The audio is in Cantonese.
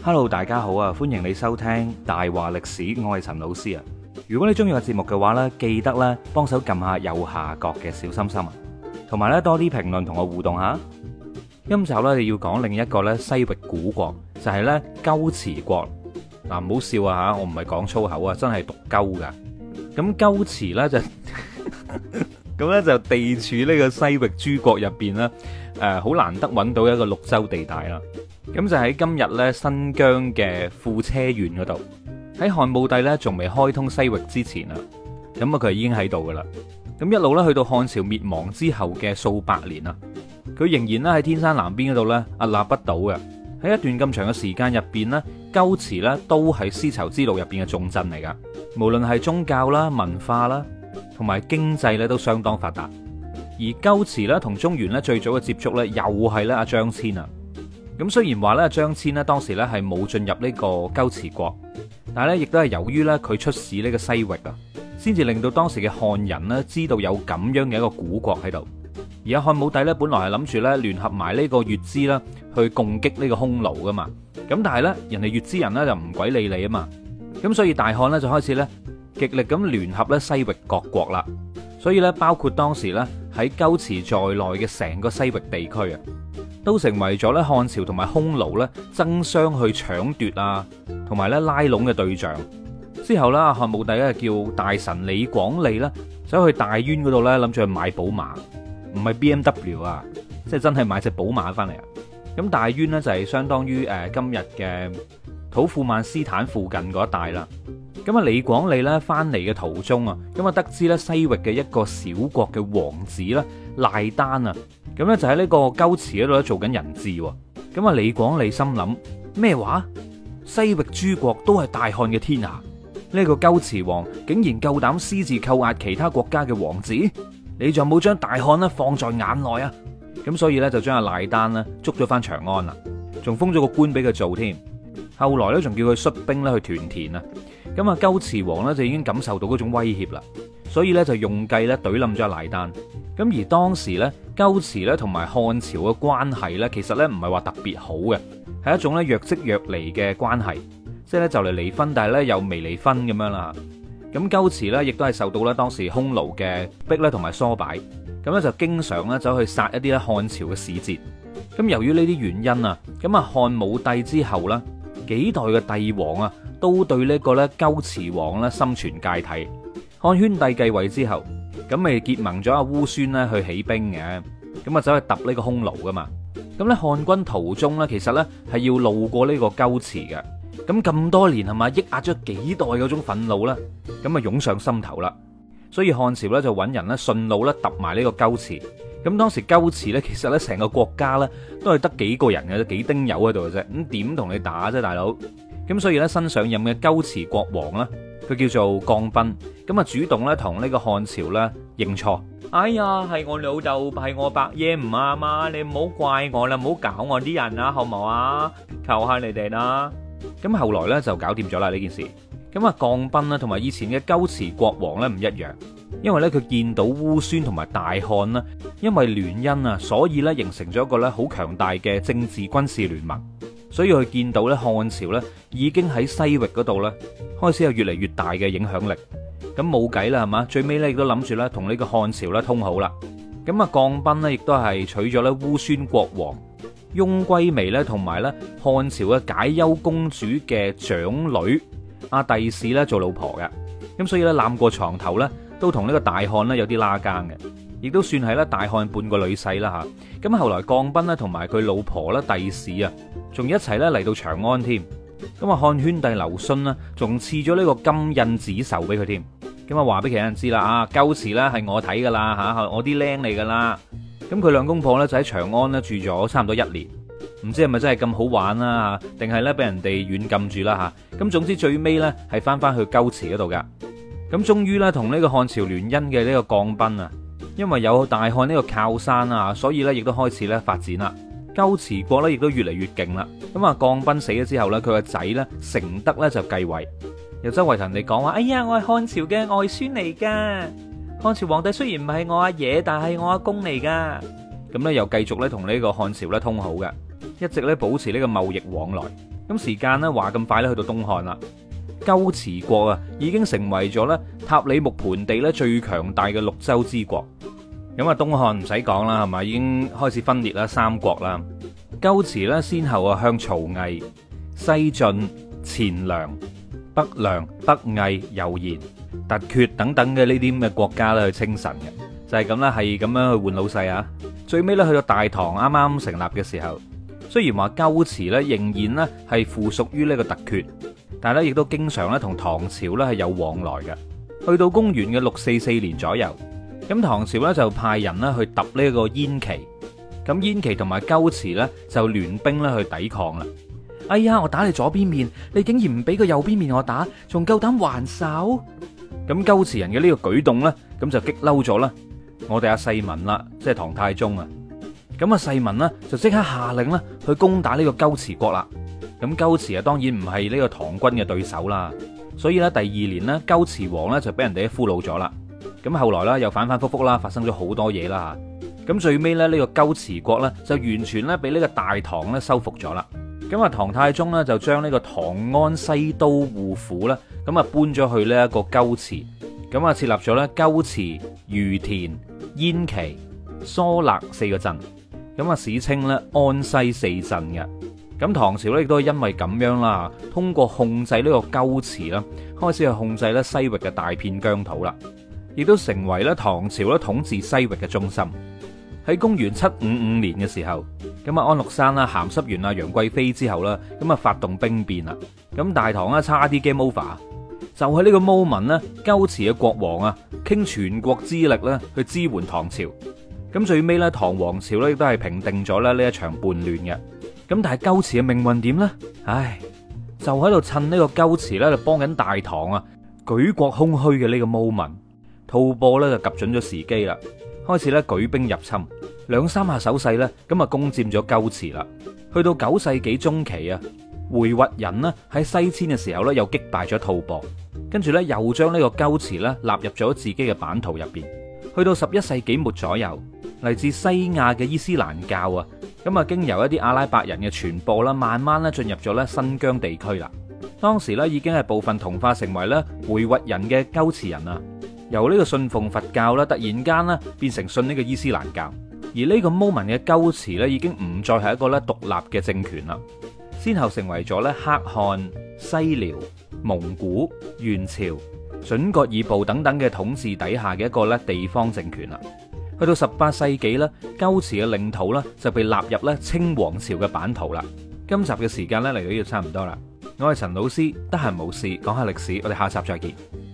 Hello，大家好啊，歡迎你收聽大話歷史，我係陳老師啊。如果你中意我節目嘅話呢，記得咧幫手撳下右下角嘅小心心啊，同埋呢多啲評論同我互動下。今集呢，就要講另一個呢西域古國，就係呢龜茲國。嗱，唔好笑啊，我唔係講粗口啊，真係讀鳩噶。咁龜茲呢，就咁呢，就地處呢個西域諸國入邊呢，誒，好難得揾到一個綠洲地帶啦。咁就喺今日咧，新疆嘅庫車縣嗰度，喺漢武帝咧仲未開通西域之前啦，咁啊佢已經喺度噶啦。咁一路咧去到漢朝滅亡之後嘅數百年啦，佢仍然咧喺天山南邊嗰度咧屹立不倒嘅。喺一段咁長嘅時間入邊呢，龜茲咧都係絲綢之路入邊嘅重鎮嚟噶。無論係宗教啦、文化啦，同埋經濟咧都相當發達。而龜茲咧同中原咧最早嘅接觸咧，又係咧阿張騫啊。咁雖然話咧張騫呢當時咧係冇進入呢個龜茲國，但係咧亦都係由於咧佢出使呢個西域啊，先至令到當時嘅漢人呢知道有咁樣嘅一個古國喺度。而家漢武帝咧本來係諗住咧聯合埋呢個月氏啦去攻擊呢個匈奴噶嘛，咁但係咧人哋月氏人咧就唔鬼理你啊嘛，咁所以大漢咧就開始咧極力咁聯合咧西域各國啦，所以咧包括當時咧喺龜茲在內嘅成個西域地區啊。都成為咗咧漢朝同埋匈奴咧爭，爭相去搶奪啊，同埋咧拉攏嘅對象。之後咧，漢武帝咧叫大臣李廣利咧想去大宛嗰度咧，諗住去買寶馬，唔係 BMW 啊，即係真係買隻寶馬翻嚟啊。咁大宛呢，就係相當於誒今日嘅土庫曼斯坦附近嗰一帶啦。咁啊，李廣利咧翻嚟嘅途中啊，咁啊得知咧西域嘅一個小國嘅王子啦賴丹啊，咁咧就喺呢個龜茲嗰度咧做緊人質。咁啊，李廣利心諗咩話？西域諸國都係大漢嘅天下，呢個龜茲王竟然夠膽私自扣押其他國家嘅王子，你就冇將大漢咧放在眼內啊？咁所以咧就將阿賴丹呢捉咗翻長安啦，仲封咗個官俾佢做添。後來咧，仲叫佢率兵咧去屯田啊。咁啊，龜茲王呢就已經感受到嗰種威脅啦，所以咧就用計咧懟冧咗賴丹。咁而當時咧，龜茲咧同埋漢朝嘅關係咧，其實咧唔係話特別好嘅，係一種咧若即若離嘅關係，即係咧就嚟離婚，但係咧又未離婚咁樣啦。咁龜茲咧亦都係受到咧當時匈奴嘅逼咧同埋疏擺，咁咧就經常咧走去殺一啲咧漢朝嘅使節。咁由於呢啲原因啊，咁啊漢武帝之後啦。幾代嘅帝王啊，都對呢個咧龜茲王咧心存芥蒂。漢宣帝繼位之後，咁咪結盟咗阿烏孫咧去起兵嘅，咁啊走去揼呢個匈奴噶嘛。咁咧漢軍途中咧，其實咧係要路過呢個龜茲嘅。咁咁多年係咪抑壓咗幾代嗰種憤怒咧，咁啊湧上心頭啦。所以漢朝咧就揾人咧順路咧揼埋呢個龜茲。咁當時龜茲咧，其實咧成個國家咧都係得幾個人嘅啫，幾丁友喺度嘅啫，咁點同你打啫，大佬？咁所以咧新上任嘅龜茲國王啦，佢叫做江斌，咁啊主動咧同呢個漢朝咧認錯。哎呀，係我老豆，係我伯爺唔啱啊嘛，你唔好怪我啦，唔好搞我啲人啦，好唔好啊？求下你哋啦。咁後來咧就搞掂咗啦呢件事。咁啊，降斌同埋以前嘅龜茲國王咧唔一樣，因為咧佢見到烏孫同埋大漢呢，因為聯姻啊，所以咧形成咗一個咧好強大嘅政治軍事聯盟，所以佢見到咧漢朝咧已經喺西域嗰度咧開始有越嚟越大嘅影響力，咁冇計啦係嘛，最尾咧亦都諗住咧同呢個漢朝咧通好啦，咁啊降斌呢，亦都係娶咗咧烏孫國王翁歸微咧同埋咧漢朝嘅解憂公主嘅長女。阿弟氏咧做老婆嘅，咁所以咧攬過床頭咧，都同呢個大漢咧有啲拉更嘅，亦都算係咧大漢半個女婿啦吓。咁後來絳賓咧同埋佢老婆咧弟氏啊，仲一齊咧嚟到長安添。咁啊漢宣帝劉詢呢，仲賜咗呢個金印紫綬俾佢添。咁啊話俾其他人知啦啊，龜茲啦係我睇噶啦吓，我啲僆嚟噶啦。咁佢兩公婆咧就喺長安咧住咗差唔多一年。唔知係咪真係咁好玩啊，定係呢俾人哋軟禁住啦吓。咁總之最尾呢係返返去龜茲嗰度噶。咁終於呢，同呢個漢朝聯姻嘅呢個絳賓啊,因為有大漢呢個靠山啊,所以呢亦都開始呢發展啦。龜茲國呢亦都越嚟越勁啦。咁啊絳賓死咗之後呢，佢個仔呢，丞德呢就繼位。又周圍同人哋講話：哎呀，我係漢朝嘅外孫嚟噶。漢朝皇帝雖然唔係我阿爺，但係我阿公嚟噶。咁呢，又繼續呢同呢個漢朝呢通好嘅。一直咧保持呢個貿易往來，咁時間咧話咁快咧去到東漢啦，龜茲國啊已經成為咗咧塔里木盆地咧最強大嘅綠洲之國。咁啊，東漢唔使講啦，係咪已經開始分裂啦，三國啦，龜茲咧先後啊向曹魏、西晉、前梁、北梁、北魏、柔然、突厥等等嘅呢啲咁嘅國家咧去稱臣嘅，就係咁啦，係咁樣去換老細啊。最尾咧去到大唐啱啱成立嘅時候。雖然話龜茲咧仍然咧係附屬於呢個突厥，但係咧亦都經常咧同唐朝咧係有往來嘅。去到公元嘅六四四年左右，咁唐朝咧就派人咧去揼呢個焉耆。咁焉耆同埋龜茲咧就聯兵咧去抵抗啦。哎呀，我打你左邊面，你竟然唔俾個右邊面我打，仲夠膽還手？咁龜茲人嘅呢個舉動咧，咁就激嬲咗啦，我哋阿世民啦，即係唐太宗啊！咁啊！世民呢就即刻下令呢去攻打呢個龜茲國啦。咁龜茲啊，當然唔係呢個唐軍嘅對手啦。所以咧，第二年呢龜茲王呢就俾人哋俘虜咗啦。咁後來呢，又反反覆覆啦，發生咗好多嘢啦。咁最尾咧，呢個龜茲國呢就完全呢俾呢個大唐呢收復咗啦。咁啊，唐太宗呢就將呢個唐安西都護府呢咁啊搬咗去呢一個龜茲，咁啊設立咗呢龜茲、于闐、闐、焉耆、疏勒四個鎮。咁啊史稱咧安西四鎮嘅，咁唐朝咧亦都係因為咁樣啦，通過控制呢個龜茲啦，開始去控制咧西域嘅大片疆土啦，亦都成為咧唐朝咧統治西域嘅中心。喺公元七五五年嘅時候，咁啊安祿山啦、咸濕完啊、楊貴妃之後啦，咁啊發動兵變啦，咁大唐啊差啲 game over，就係呢個 moment 啦，龜茲嘅國王啊，傾全國之力咧去支援唐朝。咁最尾咧，唐王朝咧亦都係平定咗咧呢一場叛亂嘅。咁但係龜茲嘅命運點呢？唉，就喺度趁呢個龜茲咧就幫緊大唐啊舉國空虛嘅呢個 moment，吐蕃咧就及準咗時機啦，開始咧舉兵入侵，兩三下手勢咧，咁啊攻占咗龜茲啦。去到九世紀中期啊，回鶻人呢喺西遷嘅時候咧又擊敗咗吐蕃，跟住咧又將呢個龜茲咧納入咗自己嘅版圖入邊。去到十一世紀末左右。嚟自西亞嘅伊斯蘭教啊，咁啊經由一啲阿拉伯人嘅傳播啦，慢慢咧進入咗咧新疆地區啦。當時咧已經係部分同化成為咧回鶻人嘅龜茲人啊，由呢個信奉佛教啦，突然間咧變成信呢個伊斯蘭教。而呢個 moment 嘅龜茲咧已經唔再係一個咧獨立嘅政權啦，先後成為咗咧黑漢、西遼、蒙古、元朝、準噶爾部等等嘅統治底下嘅一個咧地方政權啦。去到十八世紀啦，龜茲嘅領土啦就被納入咧清王朝嘅版圖啦。今集嘅時間咧嚟到呢度差唔多啦。我係陳老師，得閒冇事講下歷史，我哋下集再見。